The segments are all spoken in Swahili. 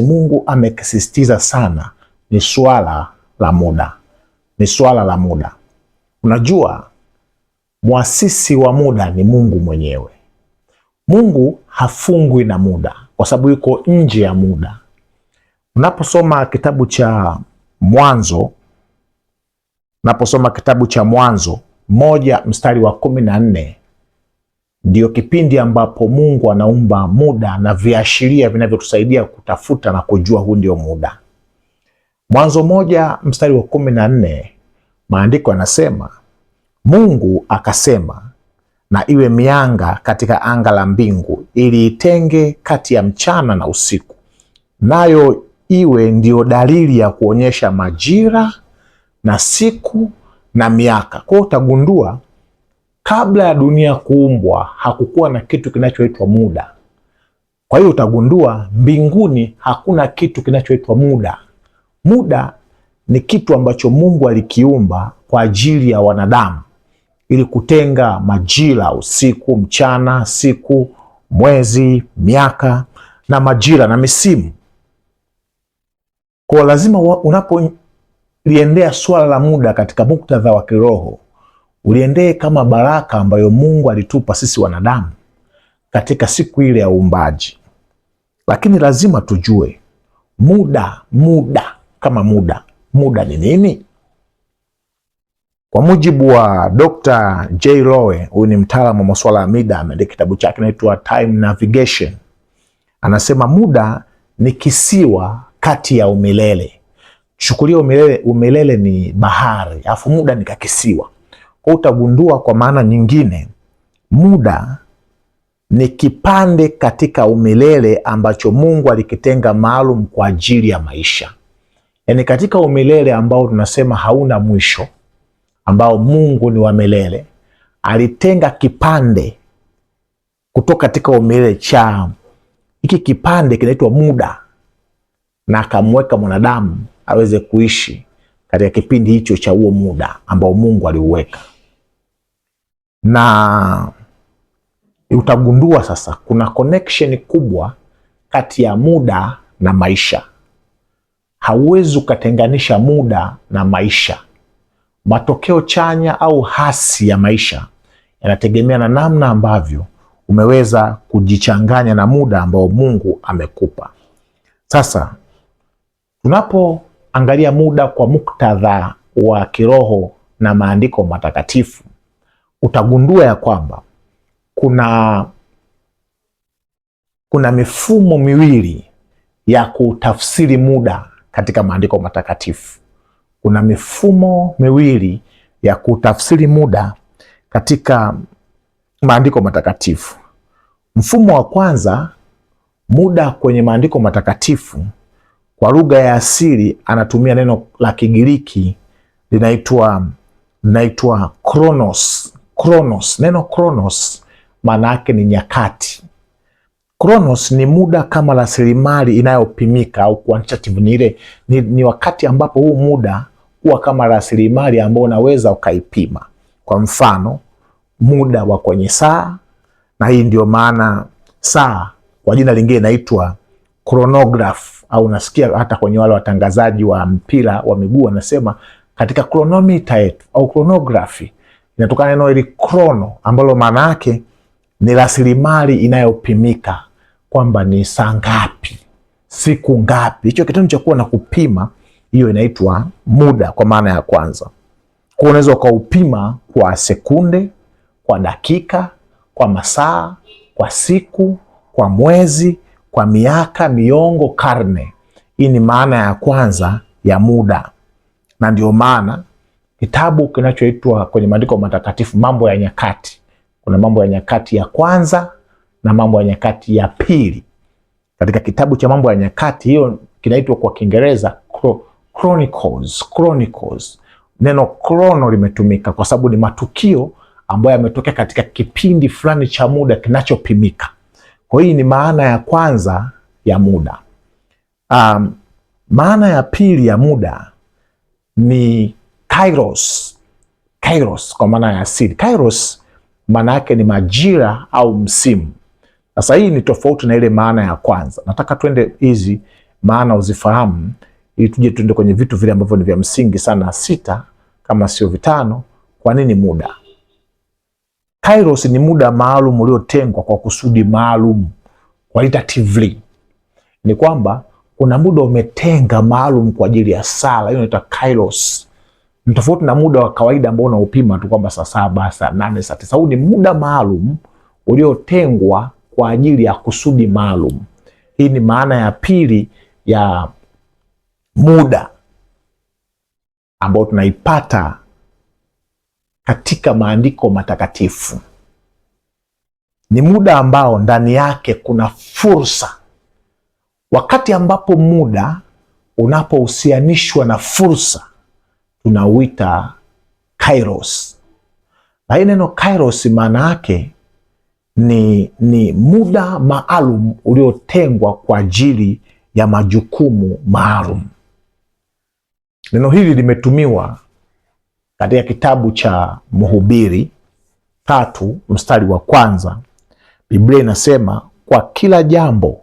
Mungu amekisistiza sana ni swala la muda, ni swala la muda. Unajua, mwasisi wa muda ni Mungu mwenyewe. Mungu hafungwi na muda, kwa sababu yuko nje ya muda. Unaposoma kitabu cha Mwanzo, unaposoma kitabu cha Mwanzo moja mstari wa kumi na nne ndio kipindi ambapo Mungu anaumba muda na viashiria vinavyotusaidia kutafuta na kujua huu ndio muda. Mwanzo moja mstari wa kumi na nne maandiko yanasema Mungu akasema, na iwe mianga katika anga la mbingu ili itenge kati ya mchana na usiku, nayo iwe ndiyo dalili ya kuonyesha majira na siku na miaka. Kwa hiyo utagundua kabla ya dunia kuumbwa hakukuwa na kitu kinachoitwa muda. Kwa hiyo utagundua mbinguni hakuna kitu kinachoitwa muda. Muda ni kitu ambacho Mungu alikiumba kwa ajili ya wanadamu ili kutenga majira, usiku, mchana, siku, mwezi, miaka na majira na misimu. Kwa lazima unapoliendea swala la muda katika muktadha wa kiroho uliendee kama baraka ambayo Mungu alitupa sisi wanadamu katika siku ile ya uumbaji. Lakini lazima tujue muda, muda kama muda, muda ni nini? Kwa mujibu wa Dr. J. Lowe, huyu ni mtaalamu wa masuala ya mida, ameandika kitabu chake kinaitwa Time Navigation. Anasema muda ni kisiwa kati ya umilele. Chukulia umilele, umilele ni bahari, alafu muda ni kakisiwa kwa utagundua kwa maana nyingine, muda ni kipande katika umilele ambacho Mungu alikitenga maalum kwa ajili ya maisha, yaani katika umilele ambao tunasema hauna mwisho, ambao Mungu ni wa milele, alitenga kipande kutoka katika umilele cha hiki kipande kinaitwa muda, na akamweka mwanadamu aweze kuishi katika kipindi hicho cha huo muda ambao Mungu aliuweka na utagundua sasa kuna connection kubwa kati ya muda na maisha. Hauwezi ukatenganisha muda na maisha. Matokeo chanya au hasi ya maisha yanategemea na namna ambavyo umeweza kujichanganya na muda ambao Mungu amekupa. Sasa tunapoangalia muda kwa muktadha wa kiroho na maandiko matakatifu utagundua ya kwamba kuna, kuna mifumo miwili ya kutafsiri muda katika maandiko matakatifu. Kuna mifumo miwili ya kutafsiri muda katika maandiko matakatifu. Mfumo wa kwanza, muda kwenye maandiko matakatifu kwa lugha ya asili anatumia neno la Kigiriki linaitwa linaitwa chronos Kronos. Neno Kronos maana yake ni nyakati. Kronos ni muda kama rasilimali inayopimika au quantitative, ni ile ni, ni wakati ambapo huu muda huwa kama rasilimali ambao unaweza ukaipima. Kwa mfano muda wa kwenye saa, na hii ndio maana saa kwa jina lingine inaitwa chronograph, au unasikia hata kwenye wale watangazaji wa mpira wa miguu wanasema katika chronometer yetu au chronography inatokana neno hili krono, ambalo maana yake ni rasilimali inayopimika, kwamba ni saa ngapi, siku ngapi. Hicho kitendo cha kuwa na kupima, hiyo inaitwa muda kwa maana ya kwanza. Kwa unaweza ukaupima kwa sekunde, kwa dakika, kwa masaa, kwa siku, kwa mwezi, kwa miaka, miongo, karne. Hii ni maana ya kwanza ya muda, na ndio maana kitabu kinachoitwa kwenye maandiko matakatifu Mambo ya Nyakati. Kuna Mambo ya Nyakati ya kwanza na Mambo ya Nyakati ya pili. Katika kitabu cha Mambo ya Nyakati hiyo kinaitwa kwa Kiingereza Chronicles, Chronicles. Neno chrono limetumika kwa sababu ni matukio ambayo yametokea katika kipindi fulani cha muda kinachopimika. Kwa hiyo ni maana ya kwanza ya muda. Um, maana ya pili ya muda ni kairos, kairos kwa maana ya asili. Kairos maana yake ni majira au msimu. Sasa hii ni tofauti na ile maana ya kwanza. Nataka twende hizi maana uzifahamu, ili tuje tuende kwenye vitu vile ambavyo ni vya msingi sana, sita kama sio vitano. Kwa nini muda? Kairos ni muda maalum uliotengwa kwa kusudi maalum. Qualitatively ni kwamba kuna muda umetenga maalum kwa ajili ya sala, hiyo inaitwa kairos ni tofauti na muda wa kawaida ambao unaopima tu kwamba saa saba, saa nane, saa tisa. Huu ni muda maalum uliotengwa kwa ajili ya kusudi maalum. Hii ni maana ya pili ya muda ambao tunaipata katika maandiko matakatifu. Ni muda ambao ndani yake kuna fursa. Wakati ambapo muda unapohusianishwa na fursa tunauita kairos. Na hii neno kairos maana yake ni, ni muda maalum uliotengwa kwa ajili ya majukumu maalum. Neno hili limetumiwa katika kitabu cha Mhubiri tatu mstari wa kwanza. Biblia inasema kwa kila jambo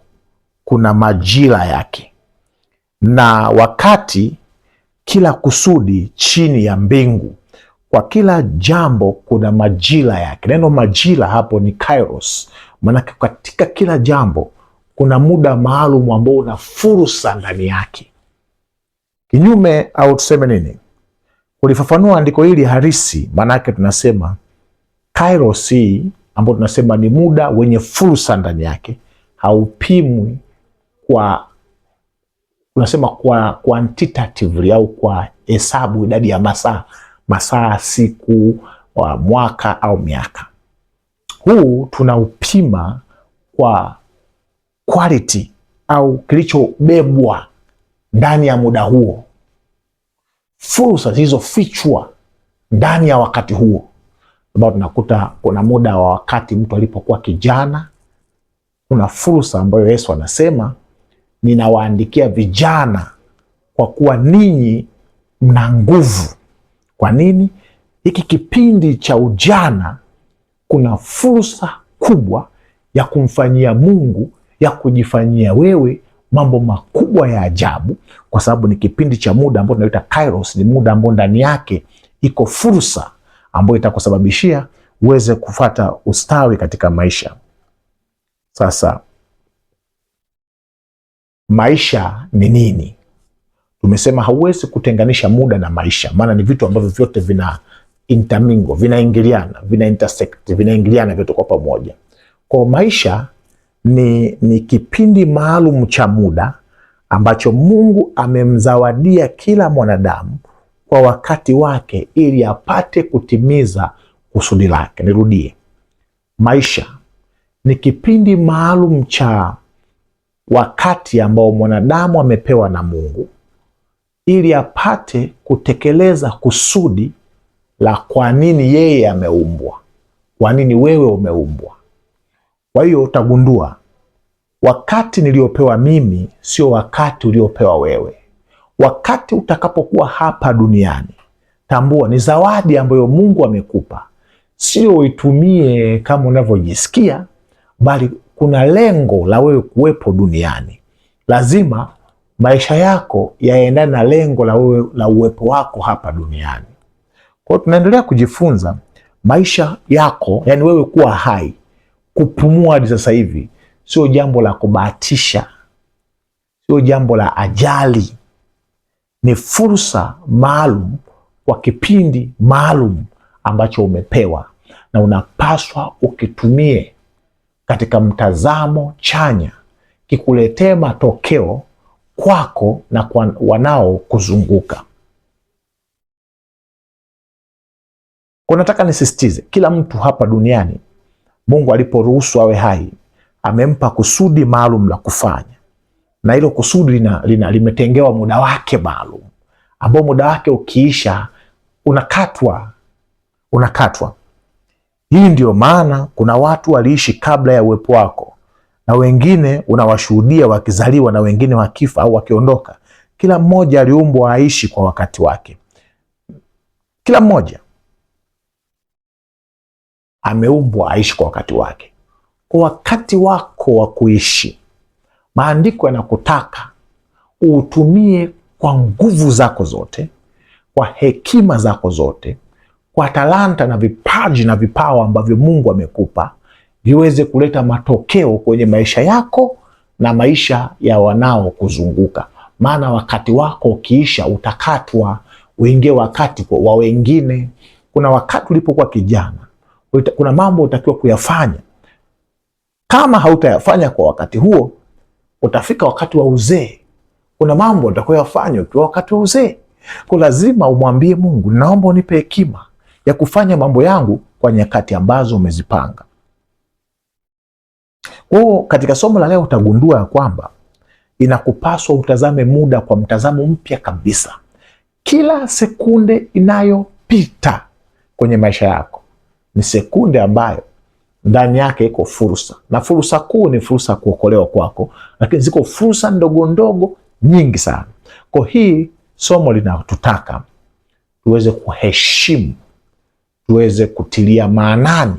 kuna majira yake na wakati kila kusudi chini ya mbingu. Kwa kila jambo kuna majira yake. Neno majira hapo ni kairos, maanake katika kila jambo kuna muda maalum ambao una fursa ndani yake. Kinyume au tuseme nini, kulifafanua andiko hili harisi, maanake tunasema kairos hii ambao tunasema ni muda wenye fursa ndani yake haupimwi kwa tunasema kwa quantitatively au kwa hesabu idadi ya masaa, masaa, siku, mwaka au miaka. Huu tunaupima kwa quality au kilichobebwa ndani ya muda huo, fursa zilizofichwa ndani ya wakati huo, ambao tunakuta kuna muda wa wakati mtu alipokuwa kijana, kuna fursa ambayo Yesu anasema ninawaandikia vijana kwa kuwa ninyi mna nguvu. Kwa nini? Hiki kipindi cha ujana kuna fursa kubwa ya kumfanyia Mungu, ya kujifanyia wewe mambo makubwa ya ajabu, kwa sababu ni kipindi cha muda ambao tunaita kairos. Ni muda ambao ndani yake iko fursa ambayo itakusababishia uweze kufata ustawi katika maisha. Sasa maisha ni nini? Tumesema hauwezi kutenganisha muda na maisha, maana ni vitu ambavyo vyote vina intermingo, vinaingiliana, vina intersect, vinaingiliana vyote kwa pamoja. Kwa maisha ni, ni kipindi maalum cha muda ambacho Mungu amemzawadia kila mwanadamu kwa wakati wake ili apate kutimiza kusudi lake. Nirudie, maisha ni kipindi maalum cha wakati ambao mwanadamu amepewa na Mungu ili apate kutekeleza kusudi la kwa nini yeye ameumbwa, kwa nini wewe umeumbwa. Kwa hiyo utagundua wakati niliopewa mimi sio wakati uliopewa wewe. Wakati utakapokuwa hapa duniani, tambua ni zawadi ambayo Mungu amekupa, sio uitumie kama unavyojisikia, bali kuna lengo la wewe kuwepo duniani. Lazima maisha yako yaendane na lengo la wewe la uwepo wako hapa duniani. Kwa hiyo tunaendelea kujifunza maisha yako, yani wewe kuwa hai, kupumua hadi sasa hivi sio jambo la kubahatisha, sio jambo la ajali, ni fursa maalum kwa kipindi maalum ambacho umepewa na unapaswa ukitumie katika mtazamo chanya kikuletee matokeo kwako na kwa wanaokuzunguka. kunataka nisisitize, kila mtu hapa duniani Mungu aliporuhusu awe hai amempa kusudi maalum la kufanya, na hilo kusudi lina, lina, limetengewa muda wake maalum, ambao muda wake ukiisha unakatwa, unakatwa. Hii ndiyo maana kuna watu waliishi kabla ya uwepo wako, na wengine unawashuhudia wakizaliwa na wengine wakifa au wakiondoka. Kila mmoja aliumbwa aishi kwa wakati wake. Kila mmoja ameumbwa aishi kwa wakati wake. Kwa wakati wako wa kuishi, maandiko yanakutaka uutumie kwa nguvu zako zote, kwa hekima zako zote kwa talanta na vipaji na vipawa ambavyo Mungu amekupa viweze kuleta matokeo kwenye maisha yako na maisha ya wanaokuzunguka, maana wakati wako ukiisha utakatwa, uingie wakati wa wengine. Kuna wakati ulipokuwa kijana, kuna mambo utakiwa kuyafanya. Kama hautayafanya kwa wakati huo, utafika wakati wa uzee. Kuna mambo utakuwa yafanya ukiwa wakati wa uzee, kwa lazima umwambie Mungu, naomba unipe hekima ya kufanya mambo yangu kwa nyakati ambazo umezipanga. Kwa hiyo katika somo la leo utagundua ya kwamba inakupaswa utazame muda kwa mtazamo mpya kabisa. Kila sekunde inayopita kwenye maisha yako ni sekunde ambayo ndani yake iko fursa, na fursa kuu ni fursa ya kuokolewa kwako, lakini ziko fursa ndogo ndogo nyingi sana. Kwa hii somo linatutaka tuweze kuheshimu tuweze kutilia maanani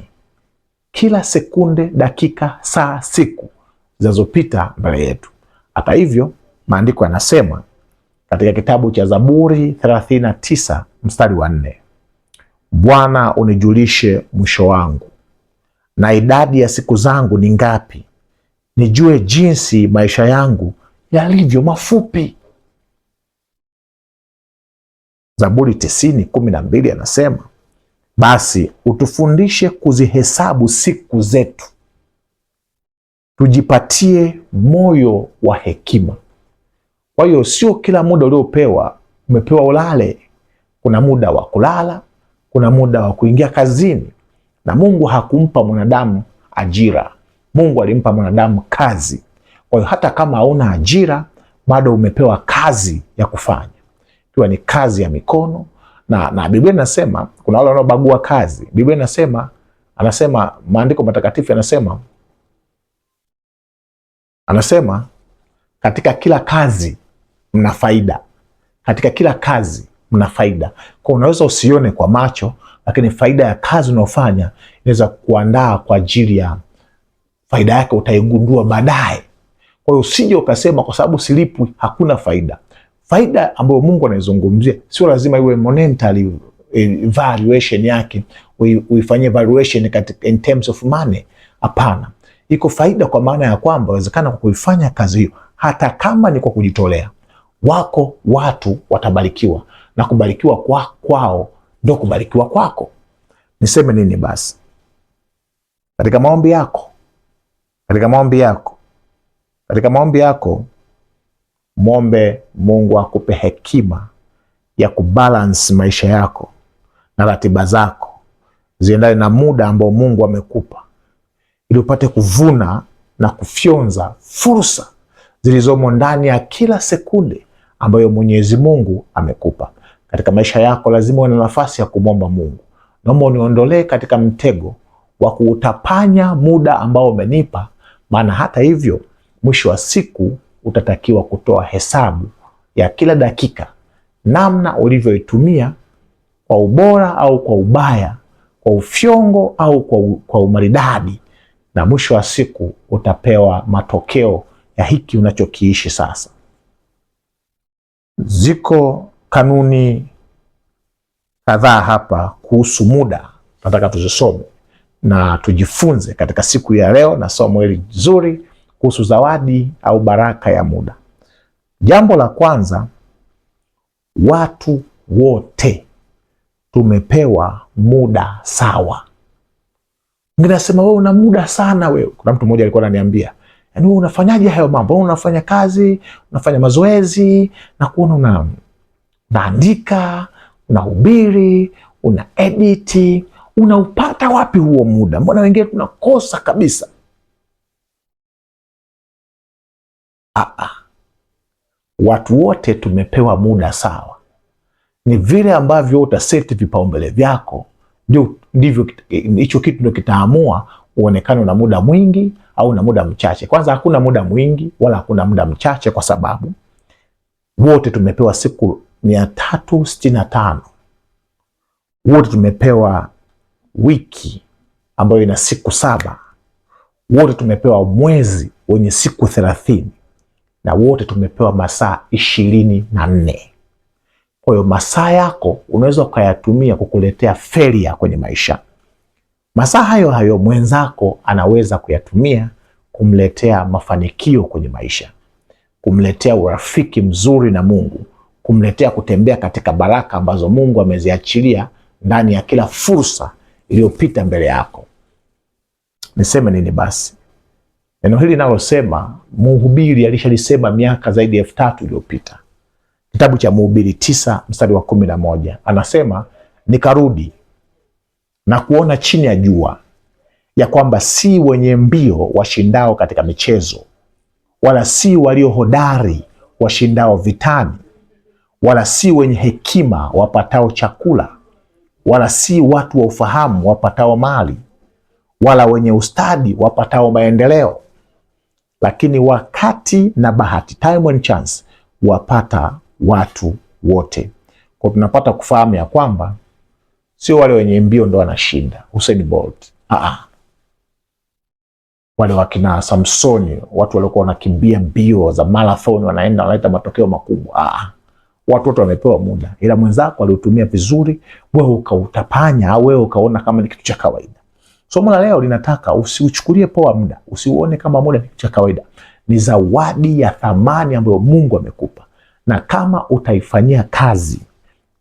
kila sekunde, dakika, saa, siku zinazopita mbele yetu. Hata hivyo, maandiko yanasema katika kitabu cha Zaburi 39 mstari wa nne, Bwana unijulishe mwisho wangu na idadi ya siku zangu ni ngapi, nijue jinsi maisha yangu yalivyo mafupi. Zaburi 90:12 anasema basi utufundishe kuzihesabu siku zetu, tujipatie moyo wa hekima. Kwa hiyo sio kila muda uliopewa umepewa ulale. Kuna muda wa kulala, kuna muda wa kuingia kazini, na Mungu hakumpa mwanadamu ajira. Mungu alimpa mwanadamu kazi. Kwa hiyo hata kama hauna ajira, bado umepewa kazi ya kufanya, ikiwa ni kazi ya mikono, na, na Biblia inasema kuna wale wanaobagua kazi. Biblia inasema anasema maandiko matakatifu yanasema anasema katika kila kazi mna faida, katika kila kazi mna faida. Kwa unaweza usione kwa macho, lakini faida ya kazi unayofanya inaweza kuandaa kwa ajili ya faida yake, utaigundua baadaye. Kwa hiyo usije ukasema kwa sababu silipwi hakuna faida faida ambayo Mungu anaizungumzia sio lazima iwe monetary eh, valuation yake, uifanyie valuation katika in terms of money. Hapana, iko faida kwa maana ya kwamba inawezekana kwa kuifanya kazi hiyo, hata kama ni kwa kujitolea, wako watu watabarikiwa na kubarikiwa kwa kwao ndio kubarikiwa kwako. Niseme nini basi? Katika maombi yako, katika maombi yako, katika maombi yako mwombe Mungu akupe hekima ya kubalance maisha yako na ratiba zako ziendane na muda ambao Mungu amekupa, ili upate kuvuna na kufyonza fursa zilizomo ndani ya kila sekunde ambayo Mwenyezi Mungu amekupa katika maisha yako. Lazima uwe na nafasi ya kumwomba Mungu, naomba uniondolee katika mtego wa kuutapanya muda ambao umenipa, maana hata hivyo mwisho wa siku utatakiwa kutoa hesabu ya kila dakika, namna ulivyoitumia kwa ubora au kwa ubaya, kwa ufyongo au kwa, kwa umaridadi, na mwisho wa siku utapewa matokeo ya hiki unachokiishi sasa. Ziko kanuni kadhaa hapa kuhusu muda, nataka tuzisome na tujifunze katika siku ya leo na somo hili zuri kuhusu zawadi au baraka ya muda. Jambo la kwanza, watu wote tumepewa muda sawa. Mwingine anasema wewe una muda sana wewe. Kuna mtu mmoja alikuwa ananiambia, yaani wewe unafanyaje hayo mambo? Wewe unafanya kazi, unafanya mazoezi na kuona una naandika, unahubiri, una editi, unaupata wapi huo muda? Mbona wengine tunakosa kabisa. Aa, ah, ah. watu wote tumepewa muda sawa, ni vile ambavyo utaseti vipaumbele vyako ndivyo hicho kitu ndio kitaamua uonekane na muda mwingi au na muda mchache. Kwanza hakuna muda mwingi wala hakuna muda mchache, kwa sababu wote tumepewa siku mia tatu sitini na tano. Wote tumepewa wiki ambayo ina siku saba. Wote tumepewa mwezi wenye siku thelathini na wote tumepewa masaa ishirini na nne. Kwa hiyo masaa yako unaweza ukayatumia kukuletea feria kwenye maisha. Masaa hayo hayo mwenzako anaweza kuyatumia kumletea mafanikio kwenye maisha, kumletea urafiki mzuri na Mungu, kumletea kutembea katika baraka ambazo Mungu ameziachilia ndani ya kila fursa iliyopita mbele yako. Niseme nini basi? Neno hili nalosema Mhubiri alishalisema miaka zaidi ya elfu tatu iliyopita. Kitabu cha Mhubiri tisa mstari wa kumi na moja anasema nikarudi na kuona chini ya jua ya kwamba si wenye mbio washindao katika michezo, wala si walio hodari washindao vitani, wala si wenye hekima wapatao chakula, wala si watu wa ufahamu wapatao mali, wala wenye ustadi wapatao maendeleo lakini wakati na bahati, time and chance, wapata watu wote. Kwa tunapata kufahamu ya kwamba sio wale wenye mbio ndo wanashinda. Usain Bolt, ah, wale wakina Samsoni, watu waliokuwa wanakimbia mbio za marathon, wanaenda wanaleta matokeo makubwa. Ah, watu wote wamepewa muda, ila mwenzako aliutumia vizuri, wewe ukautapanya au wewe ukaona kama ni kitu cha kawaida. Somo la leo linataka usiuchukulie poa muda, usiuone kama muda ni cha kawaida. Ni zawadi ya thamani ambayo Mungu amekupa, na kama utaifanyia kazi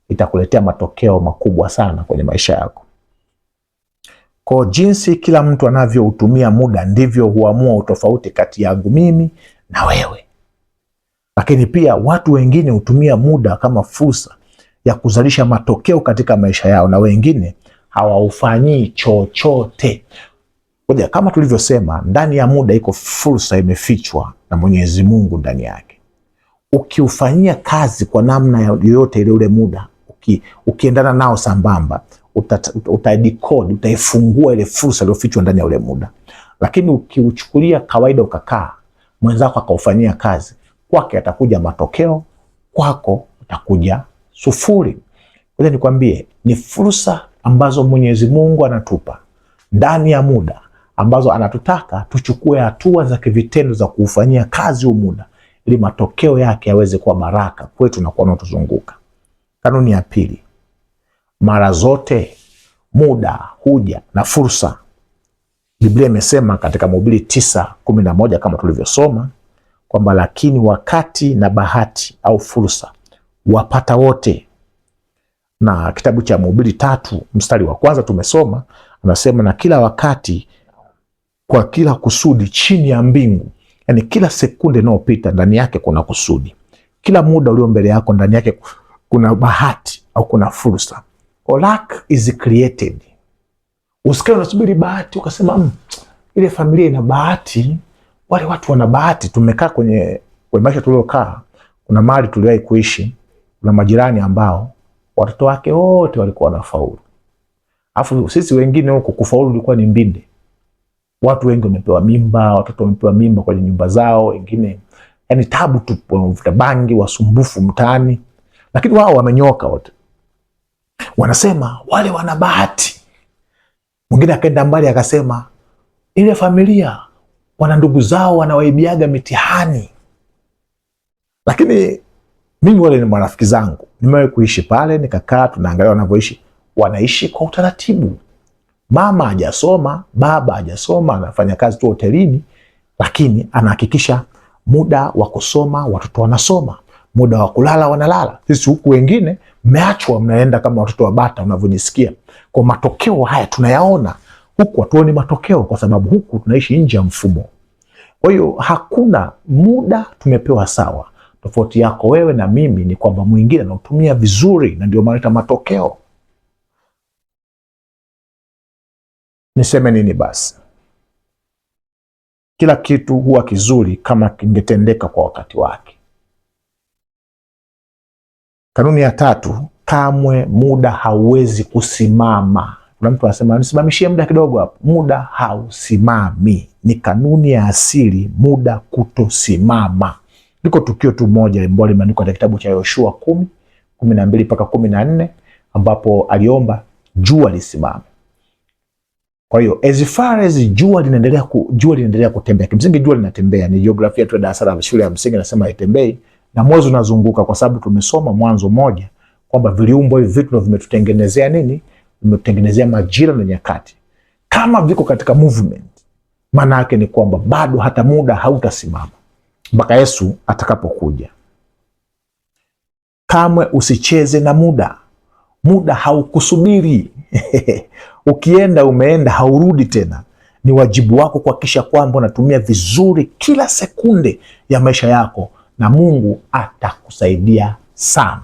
itakuletea matokeo makubwa sana kwenye maisha yako. Kwa jinsi kila mtu anavyoutumia muda ndivyo huamua utofauti kati yangu mimi na wewe. Lakini pia watu wengine hutumia muda kama fursa ya kuzalisha matokeo katika maisha yao, na wengine hawaufanyii chochote. Ngoja, kama tulivyosema, ndani ya muda iko fursa imefichwa na Mwenyezi Mungu ndani yake. Ukiufanyia kazi kwa namna yoyote ile, ule muda uki, ukiendana nao sambamba, uta utaifungua ile fursa iliyofichwa ndani ya ule muda. Lakini ukiuchukulia kawaida, ukakaa mwenzako akaufanyia kazi, kwake atakuja matokeo, kwako utakuja sufuri. Ngoja nikwambie, ni fursa ambazo Mwenyezi Mungu anatupa ndani ya muda ambazo anatutaka tuchukue hatua za kivitendo za kuufanyia kazi huu muda ili matokeo yake yaweze kuwa baraka kwetu na kwa wanaotuzunguka. Kanuni ya pili, mara zote muda huja na fursa. Biblia imesema katika Mhubiri tisa kumi na moja kama tulivyosoma kwamba lakini wakati na bahati au fursa wapata wote na kitabu cha Mhubiri tatu mstari wa kwanza tumesoma, anasema na kila wakati kwa kila kusudi chini ya mbingu, yani kila sekunde inayopita ndani yake kuna kusudi, kila muda ulio mbele yako ndani yake kuna bahati au kuna fursa. Luck is created. Usikae unasubiri bahati ukasema hmm, ile familia ina bahati, wale watu wana bahati. Tumekaa kwenye, kwenye maisha tuliokaa, kuna mali tuliwahi kuishi, kuna majirani ambao watoto wake wote walikuwa wanafaulu. Afu sisi wengine huko kufaulu ilikuwa ni mbinde. Watu wengi wamepewa mimba, watoto wamepewa mimba kwenye nyumba zao, wengine yani tabu tu, wamevuta bangi, wasumbufu mtaani, lakini wao wamenyoka wote. Wanasema wale wana bahati. Mwingine akaenda mbali akasema ile familia wana ndugu zao wanawaibiaga mitihani, lakini mimi wale ni marafiki zangu, nimewahi kuishi pale, nikakaa tunaangalia wanavyoishi. Wanaishi kwa utaratibu, mama hajasoma, baba hajasoma, anafanya kazi tu hotelini, lakini anahakikisha muda wa kusoma watoto wanasoma, muda wa kulala wanalala. Sisi huku wengine mmeachwa, mnaenda kama watoto wa bata unavyojisikia. Kwa matokeo haya tunayaona, huku hatuoni matokeo kwa sababu huku tunaishi nje ya mfumo. Kwa hiyo hakuna muda tumepewa sawa Tofauti yako wewe na mimi ni kwamba mwingine anautumia vizuri, na ndio maana matokeo. Niseme nini basi? Kila kitu huwa kizuri kama kingetendeka kwa wakati wake. Kanuni ya tatu, kamwe muda hauwezi kusimama. Kuna mtu anasema nisimamishie muda kidogo hapo. Muda hausimami, ni kanuni ya asili, muda kutosimama. Liko tukio tu moja ambalo limeandikwa katika kitabu cha Yoshua kumi kumi na mbili mpaka kumi na nne ambapo aliomba jua lisimame. Kwa hiyo as far as jua linaendelea ku, jua linaendelea kutembea. Kimsingi jua linatembea, ni jiografia tu ya darasa la shule ya msingi nasema haitembei, na mwezi unazunguka, kwa sababu tumesoma Mwanzo moja kwamba viliumbo hivi vitu ndio vimetutengenezea nini, vimetutengenezea majira na nyakati. Kama viko katika movement, maana yake ni kwamba bado hata muda hautasimama mpaka Yesu atakapokuja. Kamwe usicheze na muda. Muda haukusubiri. Ukienda umeenda, haurudi tena. Ni wajibu wako kuhakikisha kwamba unatumia vizuri kila sekunde ya maisha yako, na Mungu atakusaidia sana.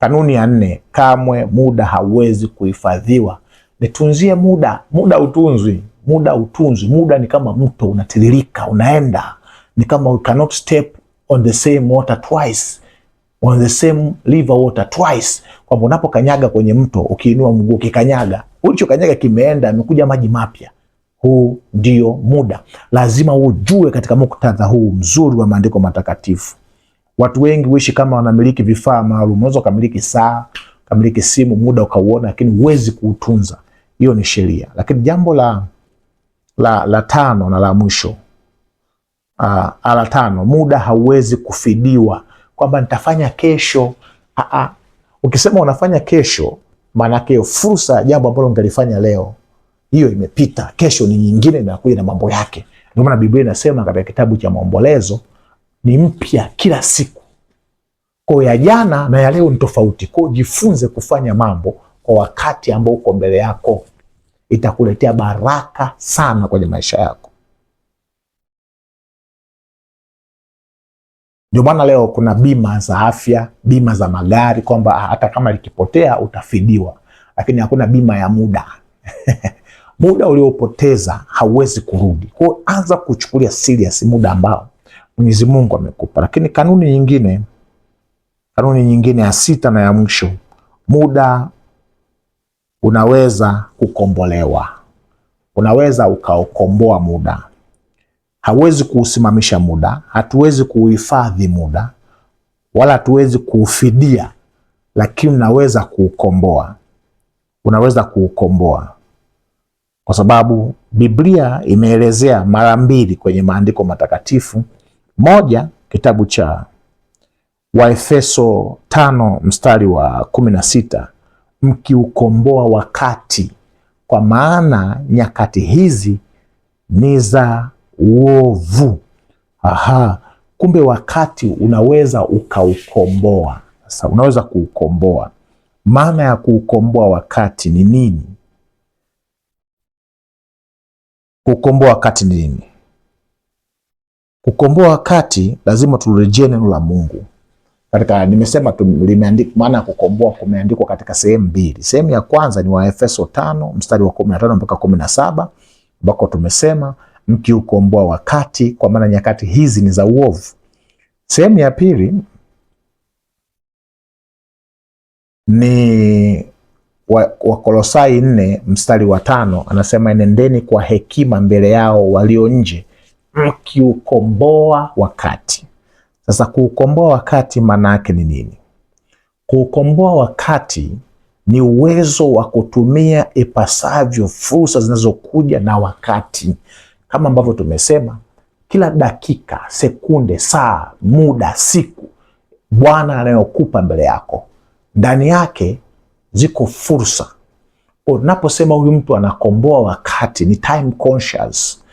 Kanuni ya nne, kamwe muda hauwezi kuhifadhiwa. Nitunzie muda. Muda utunzwi, muda utunzwi. Muda ni kama mto unatiririka, unaenda ni kama we cannot step on the same water twice, on the same river water twice, kwamba unapokanyaga kwenye mto ukiinua mguu ukikanyaga, ulichokanyaga kimeenda, amekuja maji mapya. Huu ndio muda, lazima ujue katika muktadha huu mzuri wa maandiko matakatifu. Watu wengi huishi kama wanamiliki vifaa maalum. Unaweza ukamiliki saa, ukamiliki simu, muda ukauona, lakini huwezi kuutunza. Hiyo ni sheria. Lakini jambo la, la, la tano na la mwisho uh, ala tano, muda hauwezi kufidiwa kwamba nitafanya kesho. Aa, ah, ah. ukisema unafanya kesho, maanake fursa ya jambo ambalo ungelifanya leo hiyo imepita, kesho ni nyingine inakuja na mambo yake. Ndio maana Biblia inasema katika kitabu cha Maombolezo ni mpya kila siku, kwa ya jana na ya leo ni tofauti. Kwa jifunze kufanya mambo kwa wakati ambao uko mbele yako, itakuletea baraka sana kwenye maisha yako. Ndio maana leo kuna bima za afya, bima za magari, kwamba hata kama likipotea utafidiwa, lakini hakuna bima ya muda muda uliopoteza hauwezi kurudi. Kwa hiyo anza kuchukulia serious muda ambao Mwenyezi Mungu amekupa. Lakini kanuni nyingine, kanuni nyingine ya sita na ya mwisho, muda unaweza kukombolewa, unaweza ukaokomboa muda hawezi kuusimamisha muda, hatuwezi kuuhifadhi muda wala hatuwezi kuufidia, lakini unaweza kuukomboa, unaweza kuukomboa kwa sababu Biblia imeelezea mara mbili kwenye maandiko matakatifu. Moja, kitabu cha Waefeso tano mstari wa kumi na sita mkiukomboa wakati, kwa maana nyakati hizi ni za uovu. Aha, kumbe wakati unaweza ukaukomboa. Sasa unaweza kuukomboa. Maana ya kuukomboa wakati ni nini? Kukomboa wakati ni nini? Kukomboa wakati lazima turejee neno la Mungu katika, nimesema limeandikwa. Maana ya kukomboa kumeandikwa katika sehemu mbili. Sehemu ya kwanza ni Waefeso tano mstari wa kumi na tano mpaka kumi na saba ambako tumesema mkiukomboa wakati, kwa maana nyakati hizi ni za uovu. Sehemu ya pili ni Wakolosai wa nne mstari wa tano anasema, enendeni kwa hekima mbele yao walio nje mkiukomboa wakati. Sasa kuukomboa wakati maana yake ni nini? Kuukomboa wakati ni uwezo wa kutumia ipasavyo fursa zinazokuja na wakati. Kama ambavyo tumesema, kila dakika, sekunde, saa, muda, siku Bwana anayokupa mbele yako, ndani yake ziko fursa. Unaposema huyu mtu anakomboa wakati, ni time conscious,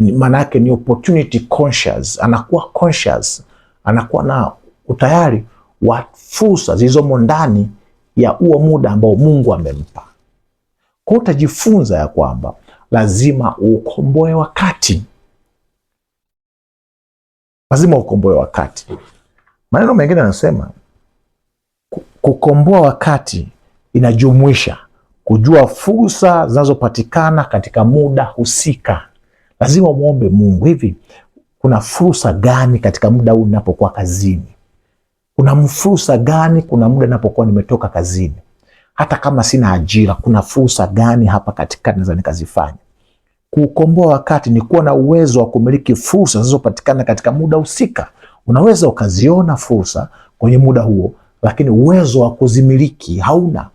maana yake ni opportunity conscious, anakuwa conscious, anakuwa na utayari wa fursa zilizomo ndani ya huo muda ambao Mungu amempa. Kwa utajifunza ya kwamba lazima ukomboe wakati, lazima ukomboe wakati. Maneno mengine anasema kukomboa wakati inajumuisha kujua fursa zinazopatikana katika muda husika. Lazima umwombe Mungu, hivi kuna fursa gani katika muda huu ninapokuwa kazini? Kuna fursa gani? Kuna muda ninapokuwa nimetoka kazini, hata kama sina ajira, kuna fursa gani hapa katikati naweza nikazifanya? Kuukomboa wakati ni kuwa na uwezo wa kumiliki fursa zinazopatikana katika muda husika. Unaweza ukaziona fursa kwenye muda huo, lakini uwezo wa kuzimiliki hauna.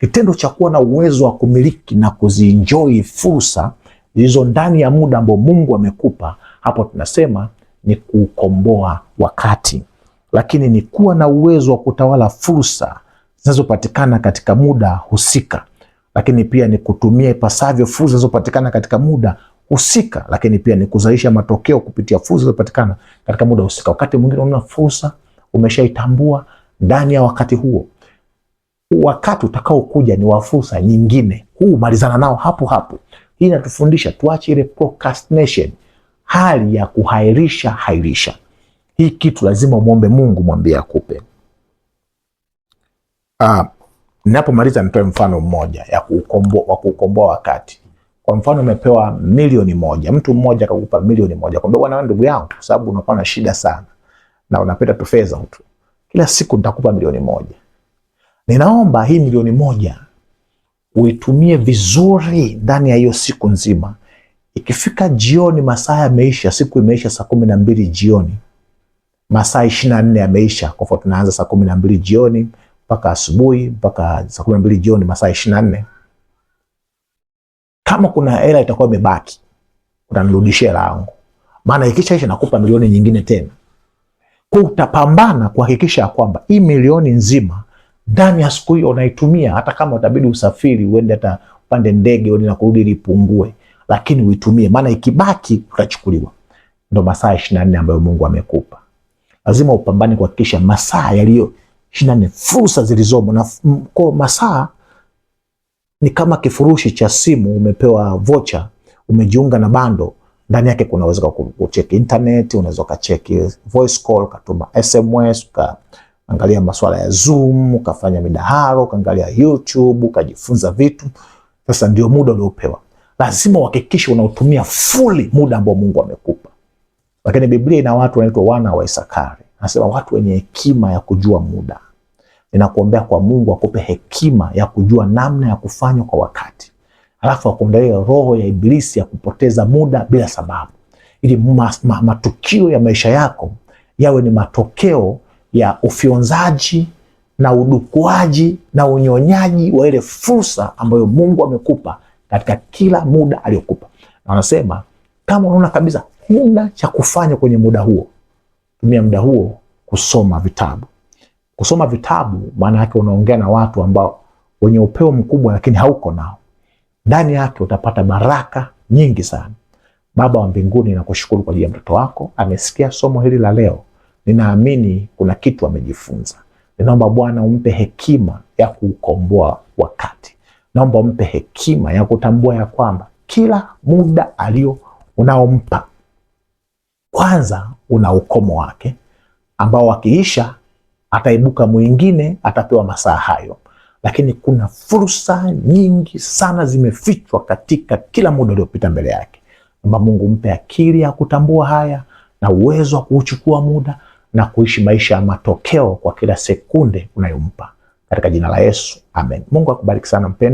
Kitendo cha kuwa na uwezo wa kumiliki na kuzinjoi fursa zilizo ndani ya muda ambao Mungu amekupa, hapo tunasema ni kuukomboa wakati. Lakini ni kuwa na uwezo wa kutawala fursa zinazopatikana katika muda husika lakini pia ni kutumia ipasavyo fursa zinazopatikana katika muda husika, lakini pia ni kuzalisha matokeo kupitia fursa zinazopatikana katika muda husika. Wakati mwingine unaona fursa umeshaitambua ndani ya wakati huo, wakati utakaokuja ni wa fursa nyingine, huu malizana nao hapo hapo. Hii inatufundisha tuache ile procrastination, hali ya kuhairisha hairisha. Hii kitu lazima umwombe Mungu, mwambie akupe ah. Ninapomaliza nitoe mfano mmoja ya kuukomboa wa kuukomboa wakati. Kwa mfano, umepewa milioni moja, mtu mmoja akakupa milioni moja, kwambia bwana, wewe ndugu yangu, kwa sababu unakuwa na shida sana na unapenda tu fedha tu, kila siku nitakupa milioni moja. Ninaomba hii milioni moja uitumie vizuri ndani ya hiyo siku nzima. Ikifika jioni, masaa yameisha, siku imeisha saa kumi na mbili jioni, masaa ishirini na nne yameisha, kwa sababu tunaanza saa kumi na mbili jioni mpaka asubuhi mpaka saa kumi na mbili jioni, masaa ishirini na nne. Kama kuna hela itakuwa imebaki, utanirudishia hela yangu, maana ikishaisha nakupa milioni nyingine tena. Kwa utapambana kuhakikisha kwamba hii milioni nzima ndani ya siku hiyo unaitumia, hata kama utabidi usafiri uende, hata upande ndege uende na kurudi, lipungue lakini uitumie, maana ikibaki utachukuliwa. Ndo masaa ishirini na nne ambayo Mungu amekupa, lazima upambane kuhakikisha masaa yaliyo ishirini na nne fursa zilizomo na kwa masaa ni kama kifurushi cha simu, umepewa vocha, umejiunga na bando, ndani yake kunaweza kucheki internet, unaweza ukacheki voice call, ukatuma SMS, ukaangalia masuala ya Zoom, ukafanya midaharo, ukaangalia YouTube, ukajifunza vitu. Sasa ndio muda uliopewa, lazima uhakikishe unautumia fully muda ambao Mungu amekupa, lakini Biblia ina watu wanaitwa wana wa Isakari. Anasema watu wenye hekima ya kujua muda. Ninakuombea kwa Mungu akupe hekima ya kujua namna ya kufanywa kwa wakati, alafu akuondolee roho ya Ibilisi ya kupoteza muda bila sababu, ili matukio ya maisha yako yawe ni matokeo ya ufyonzaji na udukuaji na unyonyaji wa ile fursa ambayo Mungu amekupa katika kila muda aliyokupa. Na wanasema kama unaona kabisa huna cha kufanya kwenye muda huo tumia muda huo kusoma vitabu. Kusoma vitabu maana yake unaongea na watu ambao wenye upeo mkubwa, lakini hauko nao. Ndani yake utapata baraka nyingi sana. Baba wa mbinguni, nakushukuru kwa ajili ya mtoto wako, amesikia somo hili la leo. Ninaamini kuna kitu amejifunza. Ninaomba Bwana umpe hekima ya kuukomboa wakati. Naomba umpe hekima ya kutambua ya kwamba kila muda alio unaompa kwanza una ukomo wake ambao akiisha ataibuka mwingine, atapewa masaa hayo. Lakini kuna fursa nyingi sana zimefichwa katika kila muda uliopita mbele yake, amba Mungu mpe akili ya kutambua haya na uwezo wa kuuchukua muda na kuishi maisha ya matokeo kwa kila sekunde unayompa, katika jina la Yesu, amen. Mungu akubariki sana mpendo.